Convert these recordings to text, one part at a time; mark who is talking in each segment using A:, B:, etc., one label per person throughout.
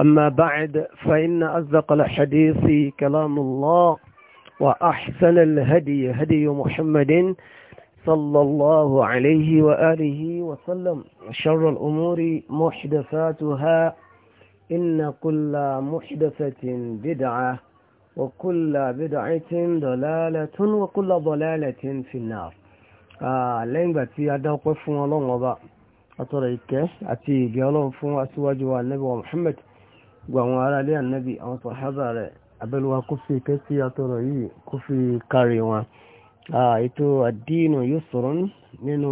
A: أما بعد فإن أصدق الحديث كلام الله وأحسن الهدي هدي محمد صلى الله عليه وآله وسلم وشر الأمور محدثاتها إن كل محدثة بدعة وكل بدعة ضلالة وكل ضلالة في النار آه، لين gbà tí a dáwọ́pẹ́ fún ọlọ́run أتي àtọ̀rọ̀ ìkẹ́ والنبي محمد gbogbo àwọn ará ilé ànábì àwọn sàhábà rẹ̀ abẹ́lúwa kó fi kẹ́sí àtọ̀rọ̀ yìí kó fi kárí wọn ètò àdínà yusrun nínú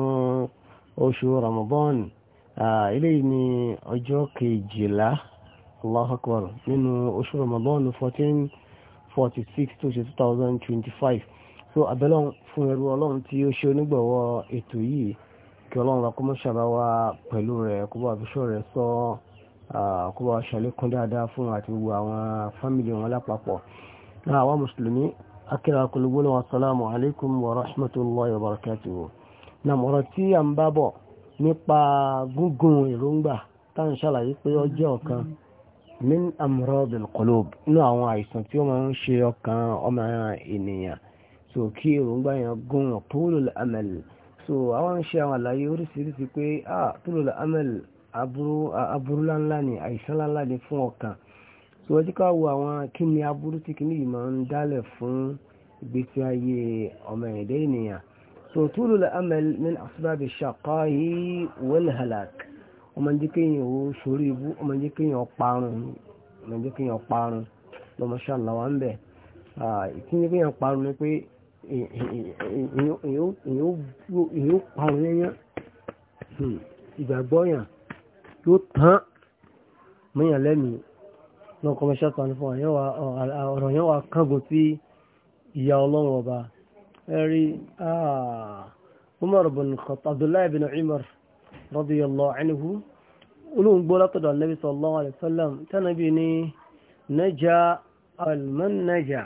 A: oṣù Ramadan eléyìí ní ọjọ́ kejìlá 1446 nínú oṣù Ramadan so abẹ́lọ́ fún ẹrú ọlọ́run tí ó ṣe onígbọ̀wọ́ ètò yìí kí ọlọ́run pẹ̀lú rẹ̀ kó bá kó bá ṣàlékún dáadáa fún àti gbogbo àwọn fámìlì wọn lápapọ̀ àwọn mùsùlùmí akíra kulugbóná wasalaamu alaikum wa rahmatulahi wa barakatuhu na mọ̀rọ̀ tí a ń bá bọ̀ nípa gúngun èròǹgbà tá ń ṣàlàyé pé ọjọ́ ọ̀kan min amradil qulub inú àwọn àìsàn tí ó máa ń ṣe ọkàn ọmọ ènìyàn so kí èròǹgbà yẹn gún tulul amal so àwọn ń ṣe àwọn àlàyé oríṣiríṣi pé ah tulul amal aburu ńlá ni àìsánlá ńlá ni fún ọkàn tí wọ́n ti ká wo àwọn kí ni aburú tí kìíní yìí máa ń dálẹ̀ fún ìgbésí ayé ọmọ ẹ̀dẹ́ ènìyàn so túlù al-amal min asbab ash-shaqa'i wal ó sórí ibú ọmọ parun ọmọ ń bẹ̀ parun ni pé parun yẹn yóò tán mọ́yàn lẹ́mìí náà kọ́ mẹ́ṣẹ́ tán fún ọ̀rọ̀ yẹn wà kángun sí ìyá ọlọ́run ọba ẹ̀rí ah, Umar bin Khattab Abdullahi bin Umar radiyallahu anhu olóhùn gbọ́ látọ̀dọ̀ Ànábì sallallahu alaihi wasallam tánàbí ní naja alman naja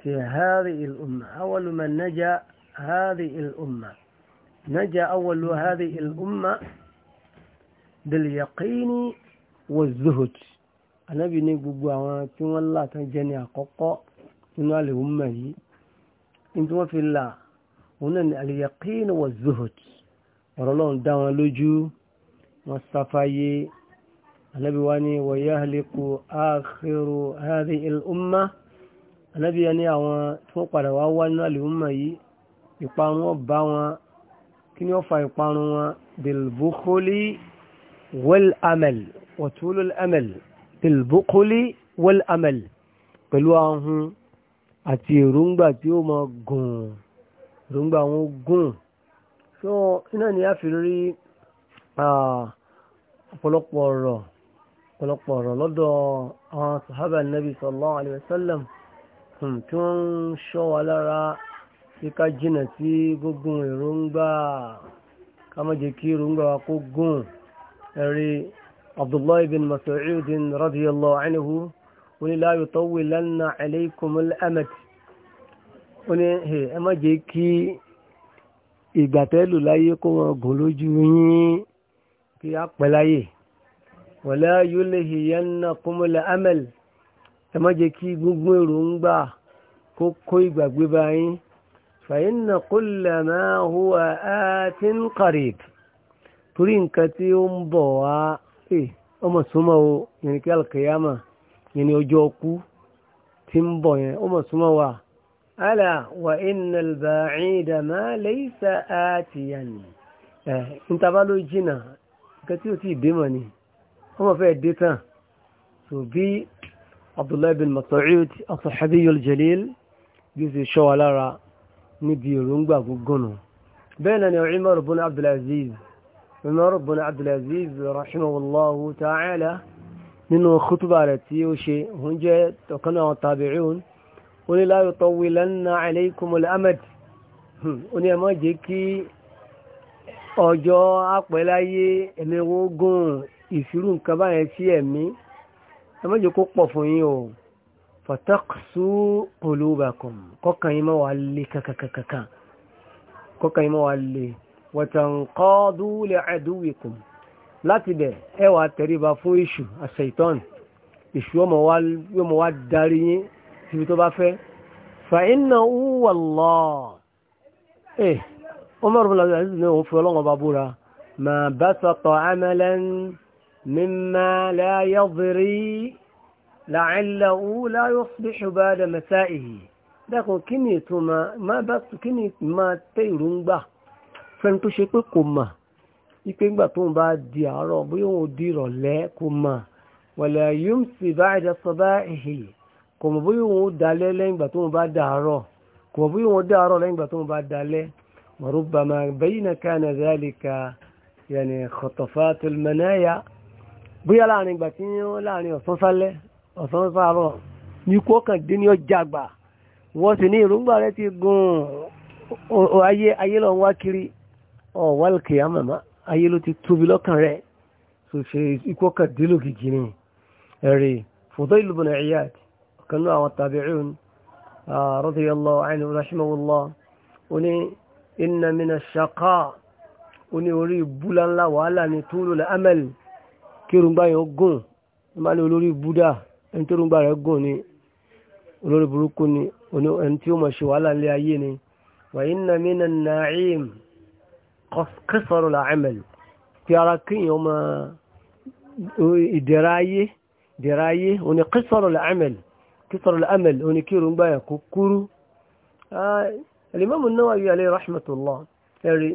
A: fi hadhihi al-umma awwalu man naja hadhihi al bilyaqini wa zuhud anabi ní gbogbo àwọn tí wọ́n là tán jẹ́ ní àkọ́kọ́ nínú al-umma yìí ní tí wọ́n fi là òun náà ní al-yaqini wa zuhud ọ̀rọ̀ lọ́n dá wọn lójú wọ́n sáfáyé anabi wá ní wa yahliku akhiru hadhihi al-umma anabi ní àwọn tí wọ́n padà wá wá nínú al-umma yìí ìparun wọn bá wọn kí ni wọ́n fa ìparun wọn bilbukhuli wal وطول wọ̀túlù amal bilbukuli wal-amal pẹ̀lú ahun àti èròǹgbà tí ó máa gùn èròǹgbà wọn gùn so iná ni a fi rí ọ̀pọ̀lọpọ̀ ọ̀rọ̀ ọ̀pọ̀lọpọ̀ ọ̀rọ̀ lọ́dọ̀ àwọn sàhábà nàbì sallallahu alaihi wasallam hmm, tí wọ́n ń ṣọ́ wa lára tí jìnà sí gbogbo èròǹgbà ká má jẹ́ kí èròǹgbà wa kó gùn ẹ̀rí abdullahi bin mas'ud radiyallahu anhu oní la yutawwilanna alaykumul amad oní ẹ má jẹ́ kí ìgbàtẹ́lù láyé kó wọn gùn lójú yín kí á pẹ́ láyè wala yulhiyannakumul amal ẹ má jẹ́ kí gbogbo èròǹgbà kó kó ìgbàgbé báyìí fa inna kullama huwa atin qarib torí nǹkan tí ó ń bọ̀ wá ọmọ súnmọ́ o yẹn kí alkiyama yẹn ni ọjọ́ ọkú tí ń bọ̀ yẹn ọmọ súnmọ́ wa. ala wa inna al-ba'ida ma laysa atiyan ẹ̀ ntaba ló jìnnà nǹkan tí ó ti dé mọ̀ ni ọmọ fẹ́ dé tán so bí abdullahi bin Mas'ud as-sahabiy al bí ó ti ṣọ́ wa lára níbi èròǹgbà gbogbo nù bẹ́ẹ̀ náà ni Umar bin Abdul Umar bin Abdulaziz rahimahullahu ta'ala nínú kútùbà rẹ̀ tí ó ṣe òun jẹ́ ọ̀kan àwọn tabi'un ó ní la yutawwilanna alaykumul amad ó ní ẹ má jẹ́ kí ọjọ́ apẹ̀láyé ẹ̀mí ogún ìṣirú nǹkan báyẹn sí ẹ̀mí ẹ má jẹ́ kó pọ̀ fún o fataqsu qulubakum kọ́kàn yín má wà lè kàkàkàkà kọ́kàn yín má wà lè wọ̀tànkọ́dú lè àdúwìkùn láti bẹ̀ ẹ wà tẹríba fún ìṣù àṣẹ̀tọ́n ìṣù ọmọ wa darí yín síbi tó bá fẹ́ fàínà wàlọ́ ẹ ọmọ rẹ̀ lọ́dọ̀ àti ìṣẹ̀lẹ̀ òun fi ọlọ́wọ́n bá búra mà bá sọ̀tọ̀ amẹ́lẹ́n mímá láyọ̀bìrí làálẹ̀ òun láyọ̀ bí ṣùgbọ́n fẹ́ni tó ṣe pé kò mọ̀ ipe ńgbà tó ń bá di àárọ̀ bóyá òun di ìrọ̀lẹ́ kò mọ̀ wala yumsi ba'da sabahihi kò mọ̀ bóyá òun dalẹ́ lẹ́yìn ìgbà tó ń bá dàárọ̀ kò mọ̀ bóyá òun dàárọ̀ lẹ́yìn ìgbà tó ń bá dalẹ́ wa rubbama bayna kana dhalika yani khatafatul manaya bóyá láàrin ìgbà tí wọ́n láàrin ọ̀sán sálẹ́ ní kó kàn dé ní ọjà àgbà wọ́n sì ní ìrúngbà rẹ ti gun ayé ayé lọ́n kiri ọ̀wálìkì àmàmá ayé ló ti tóbi lọ́kàn rẹ̀ tó ṣe ikú ọkàdínlógìjì ni ẹ̀rí Fudail ibn Iyad ọ̀kan náà àwọn tabi'un radiyallahu anhu rahimahullah ó ní inna mina shaqa ó ní orí búlá ńlá wàhálà ní tulul amal kírùngbà yẹn gùn má ní olórí búdà ẹni tó rúngbà rẹ̀ gùn ni wa inna mina na'im kẹsànù làámẹ̀lì pé ara kíyàn ọmọ ìdẹ̀ra ayé ìdẹ̀ra ayé òní kẹsànù làámẹ̀lì kẹsànù làámẹ̀lì òní kírun gbà yà kúkúrú. alimami Nawawi alayhi rahmatullah ẹ̀rí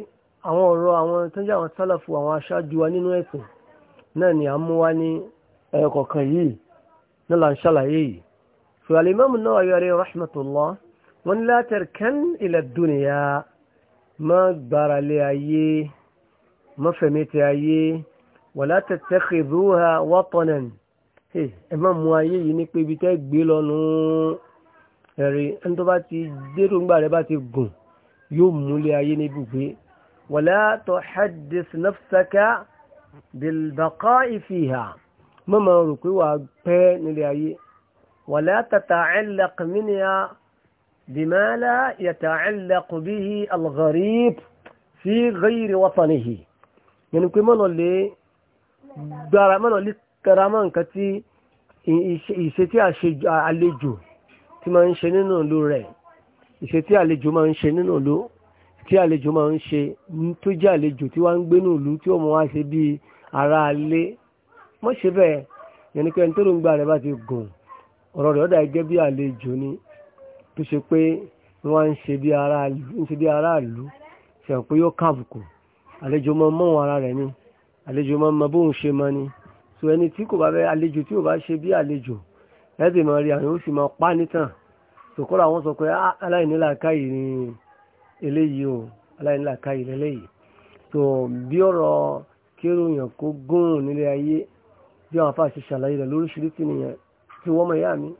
A: àwọn ọ̀rọ̀ àwọn tó ń jẹ́ àwọn sálàfù àwọn aṣáájú wa nínú ẹ̀sìn náà ni à ń mú wá ní ẹ̀kọ̀kan yìí ní là ń ṣàlàyé yìí. Nawawi alayhi rahmatullah wọn ni látẹ̀rẹ̀ kẹ́ń ila dunya má gbára lé ayé má fẹ̀mí ti ayé wala tattakhidhuha watanan ẹ má mú ayé yìí ní pé ibi tẹ́ gbé lọ́nu ẹ̀rí ẹni tó bá ti dérògbà rẹ̀ bá ti gùn yóò múlé ayé ní ibùgbé wala tuhaddis nafsaka bilbaqa'i fiha mọ́ rò pé wàá pẹ́ nílé ayé wala tata'allaq minha بما لا يتعلق به الغريب في غير وطنه يعني كي ما نولي gbára mọ́nà lè tẹ́ra mọ́ nǹkan tí ìṣe tí àlejò tí máa ń ṣe nínú ìlú rẹ̀ ìṣe tí àlejò máa ń ṣe nínú ìlú tí àlejò máa ń ṣe tó jẹ́ àlejò tí wọ́n ń gbé nínú ìlú tí ó mọ̀ wá ṣe bí ara alé mọ́ ṣe bẹ́ẹ̀ yẹn ni pé ẹni tó ló ń gbà rẹ̀ bá ti gùn ọ̀rọ̀ rẹ̀ ọ̀dà gẹ́gẹ́ bí àlejò ni tó ṣe pé wọ́n ń ṣe bí aráàlú ṣe pé yóò kàbùkù àlejò mọ́ mọ́ ara rẹ̀ ni àlejò mọ́ mọ́ bóun ṣe mọ́ ni so ẹni tí kò bá bẹ àlejò tí ò bá ṣe bí àlejò ẹ̀ẹ́dì mọ́ rí àwọn yóò mọ́ pa nítàn sòkòrò àwọn sọ pé aláìnílàákàyè ni eléyìí o aláìnílàákàyè lélẹ́yìí so bí ọ̀rọ̀ kéròyàn kó gún nílé ayé bí àwọn afáàṣe ṣàlàyé rẹ̀ lóríṣiríṣi nìyẹn tí wọ́n mọ̀ yá mi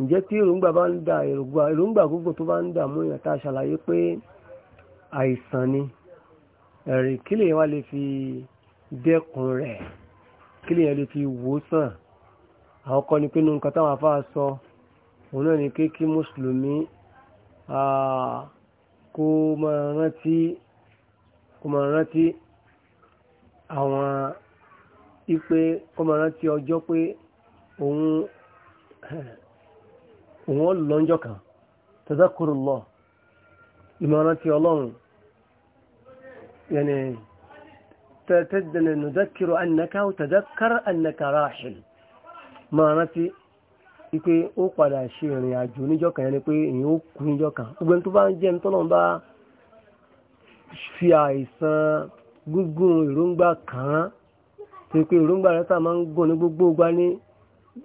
A: ǹjẹ́ tí èròǹgbà bá ń da èròǹgbà èròǹgbà gbogbo tó bá ń dààmú èèyàn tá a ṣàlàyé pé àìsàn ni ẹ̀rìn kí lèyàn wá lè fi dẹ́kun rẹ̀ kí lèyàn lè fi wò sàn àwọn kọ́ni pé nínú nǹkan táwọn afáà sọ òun náà ni pé kí mùsùlùmí kó máa rántí kó máa rántí àwọn ipe kó máa rántí ọjọ́ pé òun òun lọ́njọ́ kan tadhakurullah ìmọ̀ràn ti ọlọ́run yẹni tẹ́tẹ́dẹ̀lẹ̀ nùdákìrò annaka tadhakkar annaka rahil mọ̀ràn ti ipé ó padà ṣe ìrìn àjò níjọ́ kan yẹni pé èyí ó kú níjọ́ kan gbogbo tó bá ń jẹ́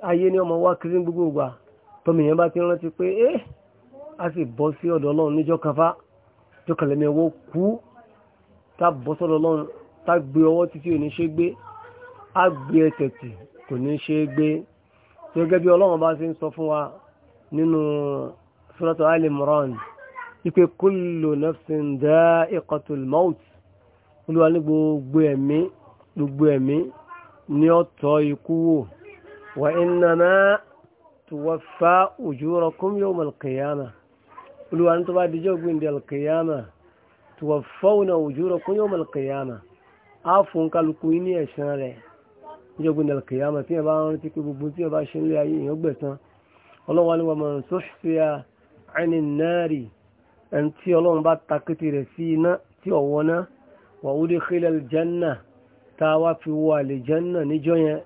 A: ayé ní ọmọ wá kiri gbogbo ìgbà tọ́mì yẹn bá ti rántí pé ẹ́ a sì bọ́ sí ọ̀dọ̀ ọlọ́run níjọ́ kafa tó kàlẹ́mí ọwọ́ kú tá bọ́ sọ́dọ̀ ọlọ́run tá gbé ọwọ́ títí ò ní ṣe gbé á gbé ẹsẹ̀ kò ní ṣe gbé tó gẹ́gẹ́ bí ọlọ́run bá ṣe ń sọ fún wa nínú suratu Al-Imran ipe kullu nafsin dha'iqatul maut olúwa ní gbogbo ẹ̀mí gbogbo ẹ̀mí ní ọ̀tọ̀ ikú wò wà innama tuwaffa ujurakum yawm al-qiyamah Olúwa ní tó bá dijọ́ gbìndé al-qiyamah tuwaffawna ujurakum yawm al-qiyamah á fún kálukú ní ẹ̀san rẹ̀ níjọ́ gbìndé al-qiyamah tí ẹ bá ń rántí pé gbogbo tí ẹ bá ṣe nílé ayé èèyàn gbẹ̀tán ọlọ́wà ni wọ́n mọ̀ràn suhfiya 'ani an-nari ẹni tí ọlọ́run bá takété rẹ̀ sí iná tí ọ̀wọ́ náà wa udkhila al-jannah tá a wá fi wọ àlè jẹ́nà níjọ́ yẹn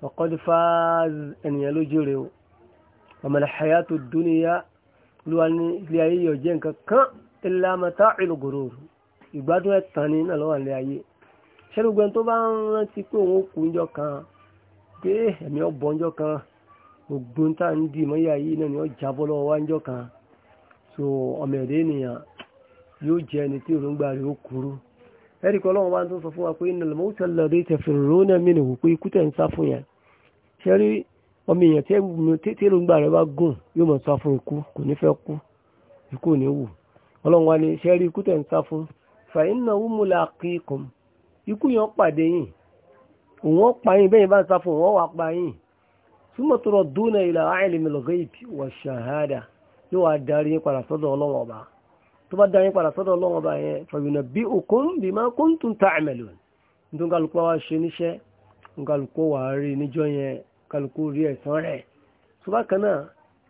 A: faqad faz ènìyàn lójú o ọmọ hayatu duniya lúwa ní ilé ayé yóò jẹ́ nǹkan kan illa mata'il ghurur ìgbádùn ẹ̀tàn ní náà lọ́wọ́ ilé ayé ṣẹ́lúgbẹ́n tó bá ń rántí pé òun kú ńjọ́ kan pé ẹ̀mí ọ̀bọ̀ ńjọ́ kan ògùn tá à ń dì mọ́ yà yìí náà ni ó jábọ́ lọ́wọ́ wá ńjọ́ kan so ọmọ ẹ̀dẹ́ ènìyàn yóò jẹ́ ẹni tí òrùngbà rẹ̀ ó kúrú ẹ̀rí kan lọ́wọ́ wá tó sọ fún wa pé innal ọmọ èèyàn tí èròǹgbà rẹ̀ bá gùn yóò mọ̀ sá fún ikú kò ní fẹ́ kú ikú ò ní wù ọlọ́run wa ni iṣẹ́ rí ikú tẹ̀ ń sá fún fàyínà wúmúlà kíkùn ikú yẹn pàdé yìí òun pa yìí bẹ́yìn bá ń sá fún òun wà pa yìí súnmọ́ tó rọ dúnà ìlà àìlèmí lọ́gọ́ ìbí wà ṣàhádà yóò wá darí yín padà sọ́dọ̀ ọlọ́run ọba tó bá darí yín padà sọ́dọ̀ ọlọ́run ọba yẹn fàyínà bí òkun bí máa kó ń tún ta àmẹ́lò nítorí kálukú wa ṣe níṣẹ́ kálukú wa rí níjọ́ yẹn kálukú rí ẹ̀san rẹ̀ tó bá kan náà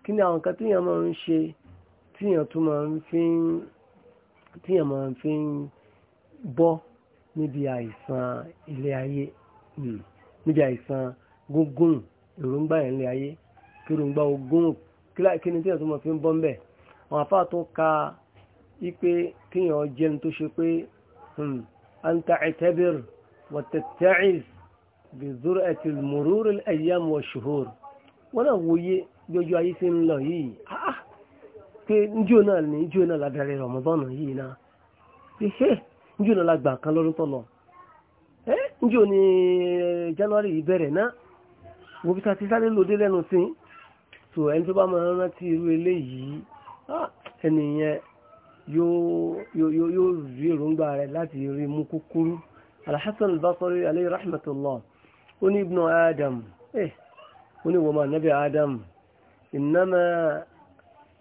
A: kí ni àwọn kan tíyàn máa ń ṣe tíyàn tó máa ń fi ń tíyàn máa ń fi ń bọ́ níbi àìsàn ilé ayé hmm. níbi àìsàn gúngún èròǹgbà ilé ayé kíròǹgbà ogún kí ni tíyàn tó máa fi ń bọ́ ń bẹ̀ àwọn afáà tó ka ipe kíyàn jẹun tó ṣe pé hmm, anta ẹ̀tẹ́bìrì wọ̀tẹ̀tẹ́ìsì bí zoro ẹ̀tì mòróró ẹ̀yàm wọ̀ ṣòhòrò wọ́n náà wòye bí ojú ayé ti ń lọ yìí ah, ah. pé njó náà ní njó náà ládàrí rọmọdọ́nà yìí náà pé ṣé njó náà lágbà kan lọ́dún tó lọ ẹ́ njó ní eh, January yìí bẹ̀rẹ̀ náà wo bí ta ti sáré lòdì lẹ́nu sí so ẹni tó bá máa rántí irú eléyìí ah, ẹni yóò rí èròǹgbà rẹ̀ láti rí mú kúkúrú Al-Hasan alayhi rahmatullah هني ابن آدم إيه هني وما نبي آدم إنما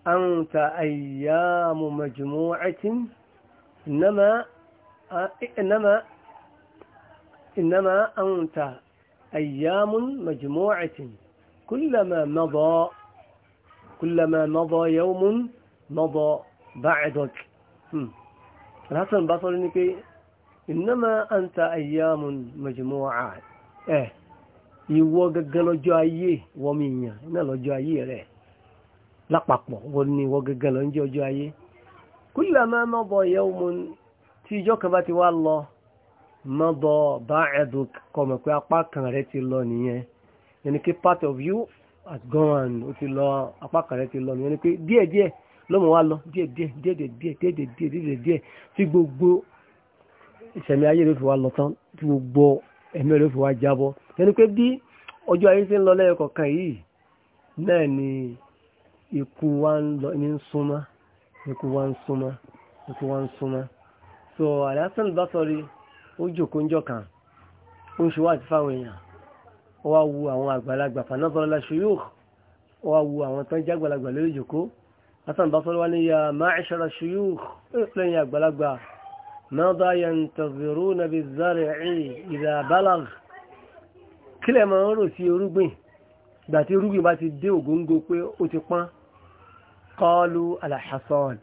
A: أنت أيام مجموعة إنما إنما إنما أنت أيام مجموعة كلما مضى كلما مضى يوم مضى بعدك الحسن بطل إنك إنما أنت أيام مجموعات ẹ̀ ìwọ gẹ́gẹ́ lọ́jọ́ ayé wọ́mi èèyàn náà lọ́jọ́ ayé rẹ̀ lápapọ̀ wọ́n ní ìwọ gẹ́gẹ́ lọ́jọ́ ọjọ́ ayé tí ìjọ kan bá ti wá lọ mada ba'duk kọmọ̀ pé apá kan ti lọ nìyẹn yẹn pé part of you has gone ó ti lọ apá kan ti lọ nìyẹn ni pé díẹ̀díẹ̀ wa lọ díẹ̀díẹ̀ díẹ̀díẹ̀ tí gbogbo ìṣẹ̀mí ayé fi wá lọ tán ẹ̀mí rẹ̀ fi wá jábọ́ ẹni pé bí ọjọ́ ayé ṣe ń lọ lẹ́yọ kọ̀ọ̀kan yìí náà ni ikú wa ń lọ ní súnmọ́ ikú wa ń súnmọ́ ikú wa ń súnmọ́ so Al-Hasan al-Basri ó jòkó ń jọkàn ó ń ṣe wá àti fáwọn èèyàn ó wá wu àwọn àgbàlagbà fanadọ́lá shuyukh ó wá wu àwọn tán jẹ́ àgbàlagbà lórí jòkó Hasan al-Basri wá ní ya ma'ashara shuyukh ó lẹ́yìn àgbàlagbà ماذا ينتظرون بالزرع إذا بلغ كل ما ń rò sí orúgbìn ìgbà tí orúgbìn bá ti dé ògóńgó pé ó ti pán kọlu alhassan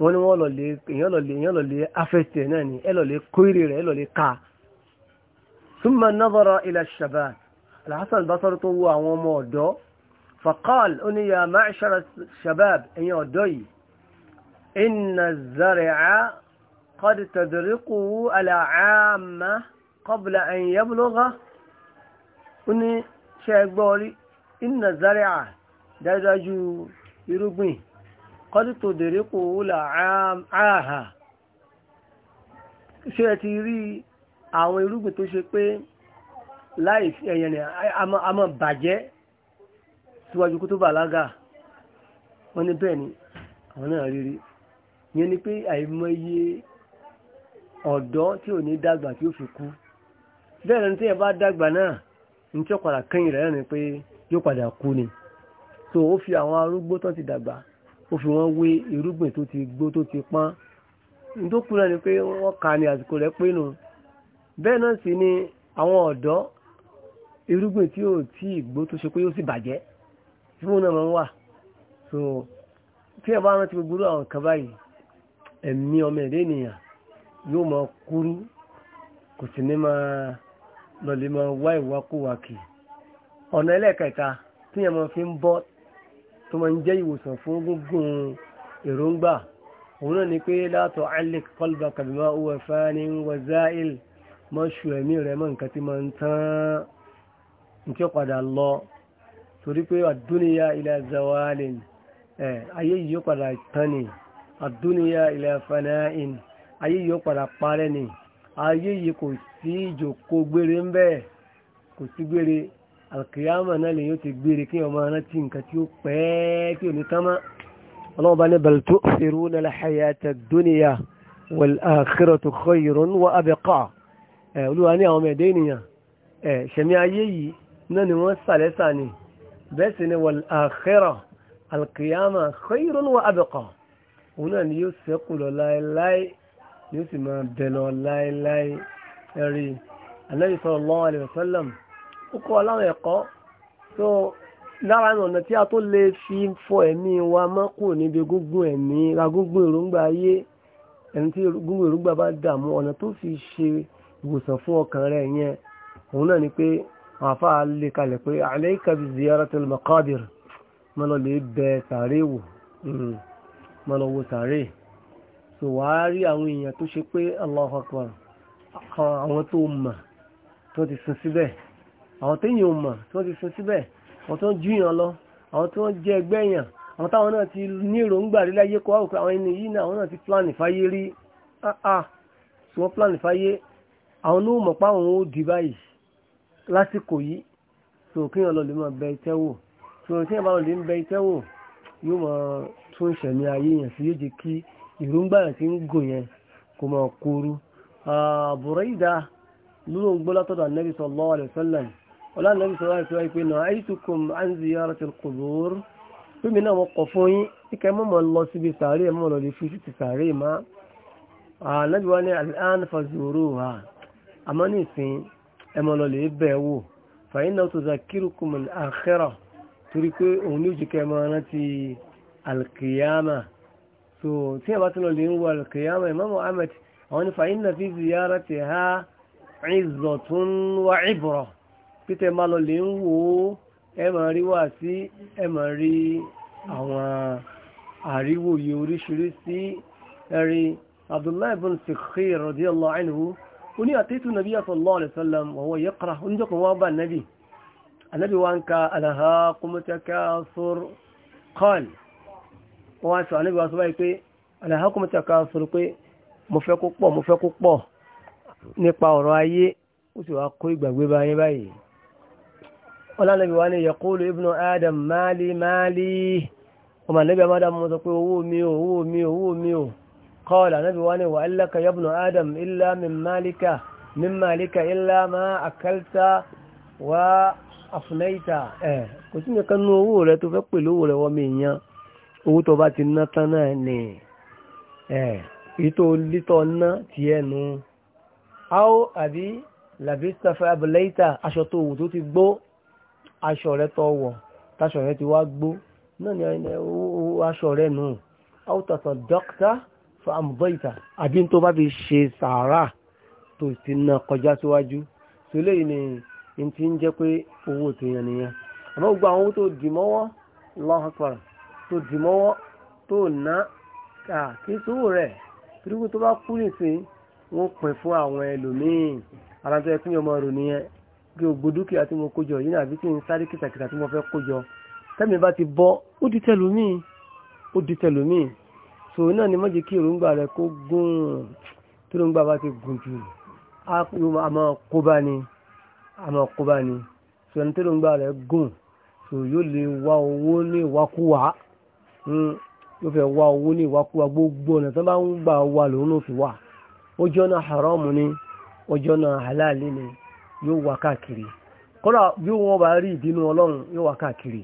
A: wọ́n ni wọ́n lọ̀lẹ̀ èyàn lọ̀lẹ̀ afẹ́tẹ̀ náà ni ẹlọ̀lẹ̀ kórè rẹ̀ ẹlọ̀lẹ̀ ká súnmọ̀ náàbọ̀rọ̀ ilẹ̀ shabab alhassan bá sọ́rọ̀ tó wo àwọn ọmọ ọ̀dọ́ faqal ó ní ya ma'ashara shabab èyàn ọ̀dọ́ yìí قد تدركه العامة قبل أن يبلغه أني شاكبوري إن الزرع دجاجو يربي قد تدركه العامة ṣe ti rí àwọn irúgbìn tó ṣe pé láì sí ẹ̀yẹ̀ ni a mọ̀ bàjẹ́ síwájú kó tó bàlágà wọ́n ní bẹ́ẹ̀ ni àwọn náà rírí yẹn ni pé àìmọye ọ̀dọ́ tí ò ní dàgbà tí ó fi kú bẹ́ẹ̀ ni tí ẹ bá dàgbà náà ní tí ó padà kẹ́yìn rẹ̀ ni pé yóò padà kú ni so ó fi àwọn arúgbó tó ti dàgbà ó fi wọ́n wé irúgbìn tó ti gbó tó ti pọ́n nítókù náà ni pé wọ́n kà ní àsìkò rẹ̀ pé nù bẹ́ẹ̀ náà sì ni àwọn ọ̀dọ́ irúgbìn tí ò tí ìgbó tó ṣe pé ó sì bàjẹ́ tí wọ́n náà máa ń wà so tí ẹ bá rántí gbogbo àwọn kan báyìí ẹ̀mí ọmọ ẹ̀dẹ́ ènìyàn yóò máa kúrú kò sì ní máa lọlé máa wá ìwákúwà kì ọ̀nà ẹlẹ́ẹ̀kẹta tí yẹn máa fi ń bọ́ tó máa ń jẹ́ ìwòsàn fún gúngún èròǹgbà òun náà ni pé látọ̀ alec kọlbà kàbímá uwa fani wazail mọ́ ṣù ẹ̀mí rẹ̀ mọ́ nǹkan tí máa ń tán ní ó padà lọ torí pé àdúnìyà ila zawalin ẹ̀ ayé yìí ó padà tán ni àdúnìyà ila fana'in ayé yìí ó padà parẹ́ ni ayé yìí kò sí ìjòkó gbére ń bẹ́ẹ̀ kò sí gbére alkiyama náà lè yóò ti gbére kí ọmọ rántí nǹkan tí ó pẹ́ tí ò ní tán mọ́ bá ní bal tu'thiruna al-hayata ad-dunya wal-akhiratu khayrun wa abqa ẹ̀ olúwa ní àwọn ẹ̀dẹ́ ènìyàn ṣẹ̀mí ayé yìí náà ni wọ́n sàlẹ́sà ni bẹ́ẹ̀ sì ni wal-akhirah alkiyama khayrun wa abqa òun náà ni yóò sẹ́kù lọ láéláé yóò sì máa bẹ lọ láéláé ẹ̀rí Ànábì sallallahu alaihi wasallam ó kọ́ aláwọ̀ ẹ̀kọ́ tó lára ọ̀nà tí a tó lè fi fọ ẹ̀mí wa mọ́ kò níbi gúngún ẹ̀mí ra gúngún èròǹgbà ayé ẹni tí gúngún èròǹgbà bá dààmú ọ̀nà tó fi ṣe ìwòsàn fún ọkàn rẹ̀ yẹn òun náà ni pé àfa lè kalẹ̀ pé alayka bi ziyaratil maqabir mọ́ lọ lè bẹ sàárè wò mọ́ hmm. lọ wo sàárè so wà á rí àwọn èèyàn tó ṣe pé Allahu Akbar àwọn tó mọ̀ tó ti sin síbẹ̀ àwọn téèyàn ò mọ̀ tó ti sin síbẹ̀ àwọn tó ń júyàn lọ àwọn tó ń jẹ ẹgbẹ́ èèyàn àwọn táwọn náà ti ní èròǹgbà rí láyé kó àwọn àwọn ẹni yìí náà àwọn náà ti plan ìfáyé rí áá tí wọ́n plan ìfáyé àwọn ló mọ̀ pé àwọn ò di báyìí lásìkò yìí so kéèyàn lọ lè máa bẹ iṣẹ́ wò so kéèyàn bá lè ń bẹ iṣẹ́ wò yóò máa tún ìṣẹ̀mí ayé yẹn sí yóò jẹ́ kí ìrúngbà tí ń gùn yẹn kò mọ̀ kúrú Buraida lóò ń gbọ́ látọ̀dọ̀ Ànábì sallallahu alaihi wasallam ọlá Ànábì sallallahu alaihi wasallam pé nahaytukum an ziyaratil qubur fíìmì náà wọ́n kọ̀ fún yín kíkẹ́ mọ́mọ́ lọ síbi sàárè mọ́ lọ lè fi sí ti sàárè má Ànábì wa ní al'an fazuruha àmọ́ ní ìsìn ẹmọ torí pé òun ní òjìkẹ́ mọ́ rántí al so tí ẹ bá tún lọ lè ń wo alkiyama imamu ahmed àwọn nífa iná fi ziyara ti ha izzatun wa ibra pété má lọ lè ń wo ẹ máa rí wá sí ẹ máa rí àwọn àríwòye oríṣiríṣi ẹ̀rí abdullahi bin sikhir radiyallahu anhu oní àtẹ́tù nàbí sallallahu alaihi wasallam wa huwa yaqra oúnjẹ kan wá bá nàbí النبي وانك ألهاكم التكاثر قال wọ́n wá sọ àníbi wá sọ báyìí pé aláhàkùnmọ́ tí a ká sọ pé mo fẹ́ kó pọ̀ mo fẹ́ kó pọ̀ nípa ọ̀rọ̀ ayé ó sì wá kó ìgbàgbé báyìí báyìí wọ́n lánàbí wá ní yaqulu ibnu adam máàlì máàlì ọmọ ànábì amádàmú sọ pé owó mi ò owó mi ò owó mi ò qala ànábì wá ní wà laka adam illa min málíkà min málíkà illa ma akalta ẹ̀ kò sí owó tó bá ti ná tán náà ni ìtò lítọ̀ ná ti ẹnu áó àbí làbísàfẹ́ abúlẹ́ìtà aṣọ tó wù tó ti gbó aṣọ rẹ tó wọ̀ táṣọ rẹ ti wá gbó náà ni aṣọ rẹ nù áó tàtàn dókítà fàmùbọ́ìtà àbí tó bá fi ṣe sàárà tó ti ná kọjá síwájú tó léyìn ni ti ń jẹ́ pé owó tèèyàn nìyẹn àmọ́ gbogbo àwọn owó tó dì mọ́wọ́ Allahu Akbar tó dì mọ́wọ́ tó ná kà kí sówó rẹ̀ tìrúkú tó bá kú nìsín wọ́n pín fún àwọn ẹlòmíín ara tó yẹ kí ọmọ rò nìyẹn kí o gbódúkìá tí mo kójọ yìí nàbí kí n sáré kìtàkìtà tí mo fẹ́ kójọ tẹ́mi bá ti bọ́ ó di tẹlòmíín ó di tẹlòmíín so náà ni mọ́jì kí èròǹgbà rẹ̀ kó gún un tí èròǹgbà bá ti gùn jù àmọ́ kóbá ni àmọ́ so ẹni tí èròǹgbà rẹ̀ so yóò lè wá owó ní ìwákúwàá. ló hmm, fẹ́ wá owó ní ìwákúwá gbogbo ọ̀nà tó bá ń gbà wà fi wà ojú ọ̀nà haram ni ojú ọ̀nà halali ni yóò wà káàkiri kọ́dà bí wọ́n bá rí ọlọ́run yóò wà káàkiri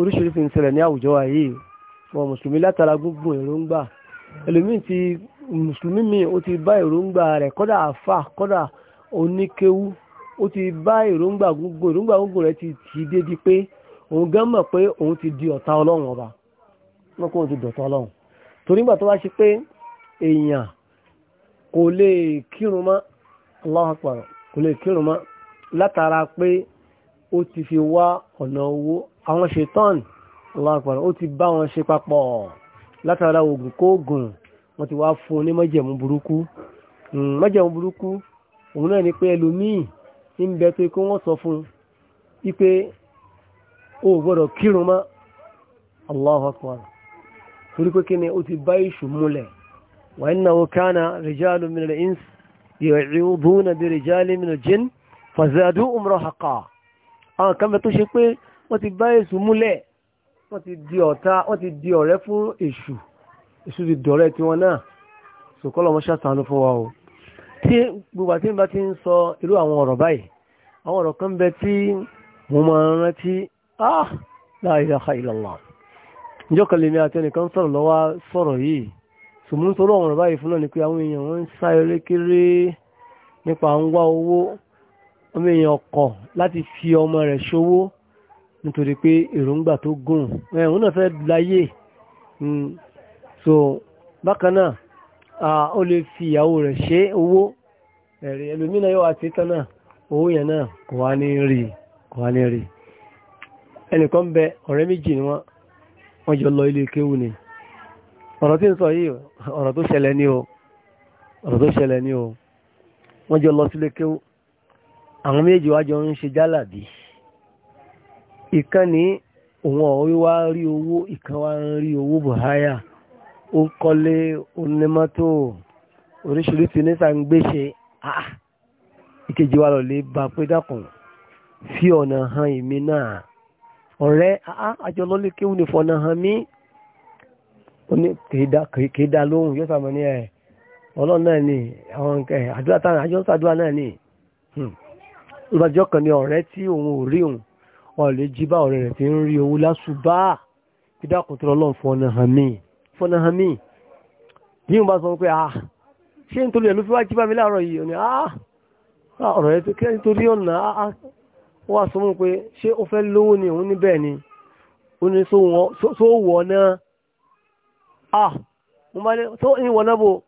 A: oríṣiríṣi ń ní àwùjọ wọn mùsùlùmí látara gbogbo èròǹgbà ẹlòmíì ti mùsùlùmí mi ó ti bá èròǹgbà rẹ̀ kọ́dà àfà kọ́dà ó ti gbogbo èròǹgbà gbogbo òun gan mọ̀ pé òun ti di ọ̀tá ọlọ́run ọba mọ̀ pé òun ti dọ̀tá ọlọ́run torí nígbà tó wá ṣe pé èèyàn kò lè kírun mọ́ Allahu Akbar kò lè kírun mọ́ látara pé ó ti fi wá ọ̀nà owó àwọn ṣetán Allahu Akbar ó ti bá wọn ṣe papọ̀ látara oògùn kóògùn wọ́n ti wá fún un ní májẹ̀mú burúkú hmm, májẹ̀mú burúkú òun náà ni pé ẹlòmíì ń bẹ pé kí wọ́n sọ fún un wípé ó gbọ́dọ̀ kírun mọ́ Allahu akbar torí pé kí ni ó ti bá ìṣù múlẹ̀ wa innahu kana rijalun min al-ins yu'uduna bi rijalin min al-jinn fazaduhum rahaqa àwọn kan bẹ tó ṣe pé wọ́n ti bá èṣù múlẹ̀ wọ́n ti di ọ̀tá wọ́n ti di ọ̀rẹ́ fún èṣù èṣù ti dọ̀rẹ́ tiwọn náà sòkòlọ́ wọn ṣàtàánú fún wa o tí gbogbo àti nígbà tí ń sọ irú àwọn ọ̀rọ̀ báyìí àwọn ọ̀rọ̀ kan tí mo máa rántí ah la ilaha illallah ìjọ kan lèmi àti ẹnìkan sọ̀rọ̀ lọ́wọ́ sọ̀rọ̀ yìí ṣùgbọ́n sọ̀rọ̀ ọ̀rọ̀ báyìí fún náà ni pé àwọn èèyàn wọ́n ń sá eré kéré nípa ń wá owó ọmọ èèyàn kọ̀ láti fi ọmọ rẹ̀ ṣòwò nítorí pé èròǹgbà tó gùn ẹ̀hún náà fẹ́ láyé hmm. so bákan náà ó lè fi ìyàwó rẹ̀ ṣe owó ẹ̀rí ẹlòmínà yóò àti tán náà owó yẹn náà kò wá ní rí kò wá ní rí. ẹnìkan bẹ ọ̀rẹ́ méjì ni wọ́n wọ́n jọ lọ ilé kéwù ni ọ̀rọ̀ tí ń sọ yìí ọ̀rọ̀ tó ṣẹlẹ̀ ní o ọ̀rọ̀ tó ṣẹlẹ̀ ní o wọ́n jọ lọ sílé kéwù àwọn méjì wá jọ ń ṣe jálàbí ìkan òun ọ̀rí wá rí owó ìkan wá rí owó bùháyà ó kọ́lé onímọ́tò oríṣiríṣi ah, ìkejì wa lọ lè ọ̀rẹ́ àjọ lọ́lé kéwù ní fọ̀nà hàn mí ó ní kìí dá lóhùn yóò sàmọ́ ní ẹ̀ ọlọ́run náà ni àwọn nǹkan ẹ̀ àdúrà táwọn àjọ sàdúrà náà ni lọ́jọ́ hmm. kan ní ọ̀rẹ́ tí òun ò rí òun ọ̀lẹ́ jí bá ọ̀rẹ́ rẹ̀ ti ń rí owó lásùbá kí dákùn tó lọ́lọ́run fọ̀nà hàn mí fọ̀nà hàn mí bí mo bá sọ pé ah ṣé nítorí ẹ̀ ló fi wá jí bá mi láàárọ̀ tó kẹ́ nítorí ọ̀nà wọ́n wá sọ fún pé ṣé ó fẹ́ lówó ni òun níbẹ̀ ni ó ní tó wọ̀ náà ah mo bá ní tó ń wọ̀ náà bò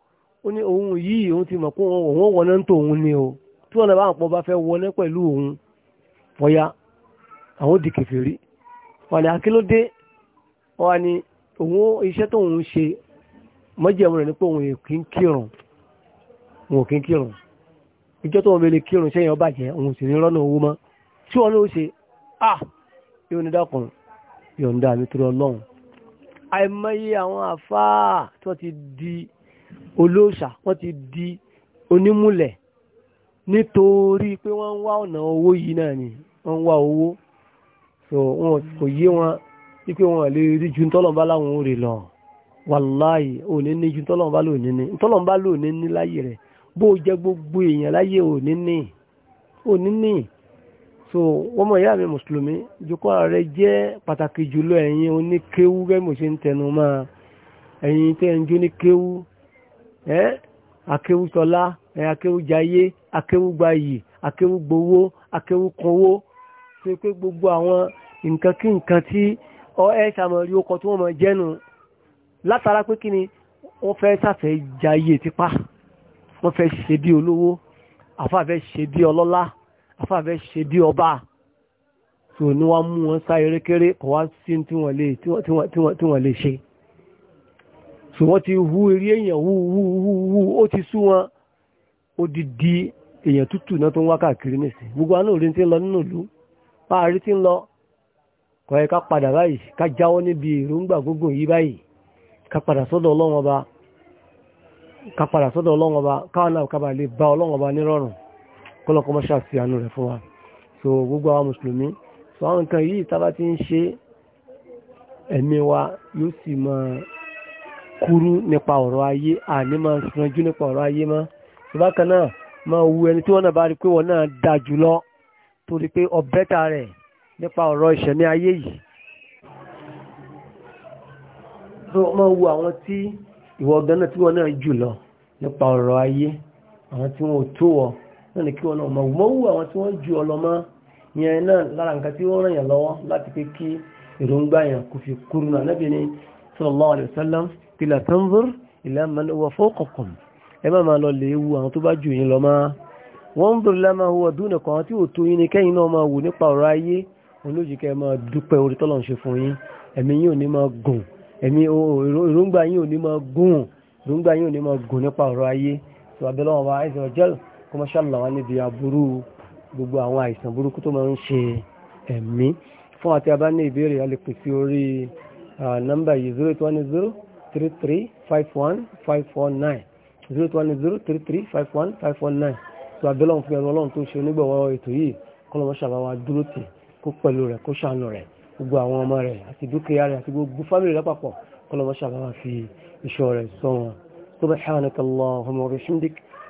A: ó ní òun yìí òun ti mọ̀ pé òun wọ̀ náà ń tò ni o tí wọ́n náà bá ń pọ̀ bá fẹ́ wọ náà pẹ̀lú òun bọ́yá àwọn ní akílódé ní ṣe mọ́jẹ̀mú rẹ̀ pé òun kì kírun òun kì kírun ìjọ tó bẹ lè kírun òun sì tí wọ́n ló ṣe ah yóò ní dákùn yọ̀ǹda mi tó lọ́hùn àìmọye àwọn àfáà tí wọ́n ti di olóòṣà wọ́n ti di onímúlẹ̀ nítorí pé wọ́n ń wá ọ̀nà owó yìí náà ni wọ́n ń wá owó so wọn kò yé wọn wípé wọn lè rí ju tọ́lọ̀mbá láwọn òrè lọ wàláì òní ní ju tọ́lọ̀mbá lónìí ní tọ́lọ̀mbá lónìí ní láyé rẹ̀ bó jẹ́ gbogbo èèyàn láyé òní ní òní ní so wọ́n mọ̀ ìyá mi mùsùlùmí ìjókòó ààrẹ jẹ́ pàtàkì jùlọ ẹ̀yin oníkéwú gẹ́gẹ́ mo ṣe ń tẹnu mọ́ ẹ̀yin tẹ́ ń jó ní kéwú ẹ́ akéwú tọ́lá ẹ̀ akéwú jayé akéwú gbayì akéwú gbowó akéwú kanwó ṣe pé gbogbo àwọn nǹkan kí nǹkan tí ọ ẹ ṣàmọ̀rí ọkọ̀ tí wọ́n mọ̀ jẹ́nu látara pé kí ni wọ́n fẹ́ sàfẹ́ jayé tipa wọ́n fẹ́ ṣe bí olówó àfáà fẹ́ ṣe bí ọlọ́lá afáfẹ́ ṣe bí ọba tó ní wọ́n mú wọn sá erékeré kọ̀ wá sí tí wọ́n lè ṣe so wọ́n ti hú eré èèyàn hú hú hú hú ó ti sú wọn odidi èèyàn tútù náà tó ń wá káàkiri nìsín gbogbo àná òrin tí ń lọ nínú ìlú bá a rí tí ń lọ kọ̀ ẹ̀ ká padà báyìí ká jáwọ́ níbi èròǹgbà gbogbo yìí báyìí ká padà sọ́dọ̀ ọlọ́wọ́n ọba ká padà sọ́dọ̀ ọlọ́wọ́n ọba káwọn náà ká bá ọlọ́wọ́n ọba nírọ̀rùn kọ́lọ́kọ́ mọ́ ṣàfihànú rẹ̀ fún wa so gbogbo àwọn mùsùlùmí so àwọn nǹkan yìí tábà ti ń ṣe ẹ̀mí wa yóò sì máa kúrú nípa ọ̀rọ̀ ayé àní máa sanjú nípa ọ̀rọ̀ ayé mọ́ so bákan náà máa wu ẹni tí wọ́n náà bá rí pé wọ́n náà da jùlọ torí pé ọ̀bẹ́ta rẹ̀ nípa ọ̀rọ̀ ìṣẹ̀mí ayé yìí so máa wu àwọn tí ìwọ ọ̀gá tí wọ́n náà jùlọ nípa ọ̀rọ̀ ayé àwọn tí wọ́n ò tó wọ́n náà ni kí wọn náà mọ̀ mọ́ wú àwọn tí wọ́n ju ọlọ́mọ yẹn náà lára nǹkan tí wọ́n ràn yàn lọ́wọ́ láti pé kí èròǹgbà yẹn kò fi kúrú náà Ànábì ni sallallahu alayhi wa sallam huwa fawqakum ẹ má máa lọ lè wu àwọn tó bá jù yín lọ máa wanzur ila ma huwa dunakum àwọn tí ò tó yín ni kẹ́yìn náà máa wò ní máa wa azza kọmọṣálà wa níbi aburú gbogbo àwọn àìsàn burúkú tó máa ń ṣe ẹ̀mí fún àti abá ní ìbéèrè a lè pè sí orí nọ́mbà yìí zero eight one zero three three five one five four nine zero eight one zero three three five one five four nine tó abẹ́lọ́n fún ẹnu ọlọ́run tó ṣe onígbọ̀wọ́ ètò yìí kọlọmọṣálà wa dúró tì kó pẹ̀lú rẹ̀ kó ṣàánú rẹ̀ gbogbo àwọn ọmọ rẹ̀ àti dúkìá rẹ̀ àti gbogbo fámìlì rẹ̀ papọ̀ wa fi ìṣọ́ rẹ̀ sọ wọn. subhanaka Allahumma wa bihamdik